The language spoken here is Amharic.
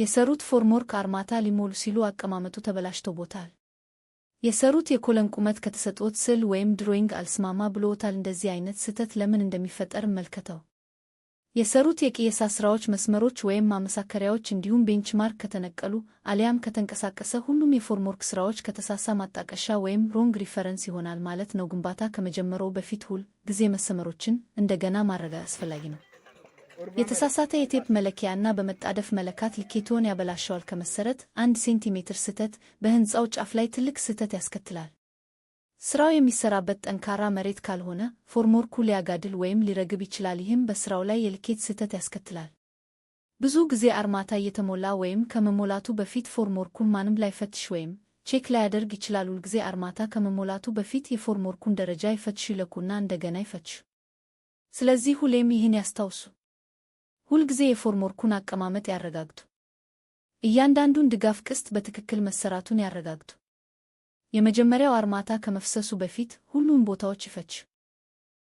የሰሩት ፎርምወርክ አርማታ ሊሞሉ ሲሉ አቀማመጡ ተበላሽቶቦታል። የሰሩት የኮለም ቁመት ከተሰጥዎት ስዕል ወይም ድሮይንግ አልስማማ ብሎታል እንደዚህ አይነት ስህተት ለምን እንደሚፈጠር መልከተው የሰሩት የቅየሳ ስራዎች መስመሮች ወይም ማመሳከሪያዎች እንዲሁም ቤንችማርክ ከተነቀሉ አሊያም ከተንቀሳቀሰ ሁሉም የፎርምወርክ ስራዎች ከተሳሳ ማጣቀሻ ወይም ሮንግ ሪፈረንስ ይሆናል ማለት ነው። ግንባታ ከመጀመረው በፊት ሁል ጊዜ መስመሮችን እንደገና ማረጋ አስፈላጊ ነው። የተሳሳተ የቴፕ መለኪያና በመጣደፍ መለካት ልኬቶን ያበላሸዋል። ከመሰረት አንድ ሴንቲሜትር ስህተት በህንፃው ጫፍ ላይ ትልቅ ስህተት ያስከትላል። ስራው የሚሰራበት ጠንካራ መሬት ካልሆነ ፎርምወርኩ ሊያጋድል ወይም ሊረግብ ይችላል። ይህም በስራው ላይ የልኬት ስህተት ያስከትላል። ብዙ ጊዜ አርማታ እየተሞላ ወይም ከመሞላቱ በፊት ፎርምወርኩን ማንም ላይፈትሽ ወይም ቼክ ላያደርግ ይችላል። ሁልጊዜ አርማታ ከመሞላቱ በፊት የፎርምወርኩን ደረጃ ይፈትሹ፣ ይለኩና እንደገና ይፈትሹ። ስለዚህ ሁሌም ይህን ያስታውሱ። ሁልጊዜ የፎርምወርኩን አቀማመጥ ያረጋግጡ። እያንዳንዱን ድጋፍ ቅስት በትክክል መሰራቱን ያረጋግጡ። የመጀመሪያው አርማታ ከመፍሰሱ በፊት ሁሉም ቦታዎች ይፈች።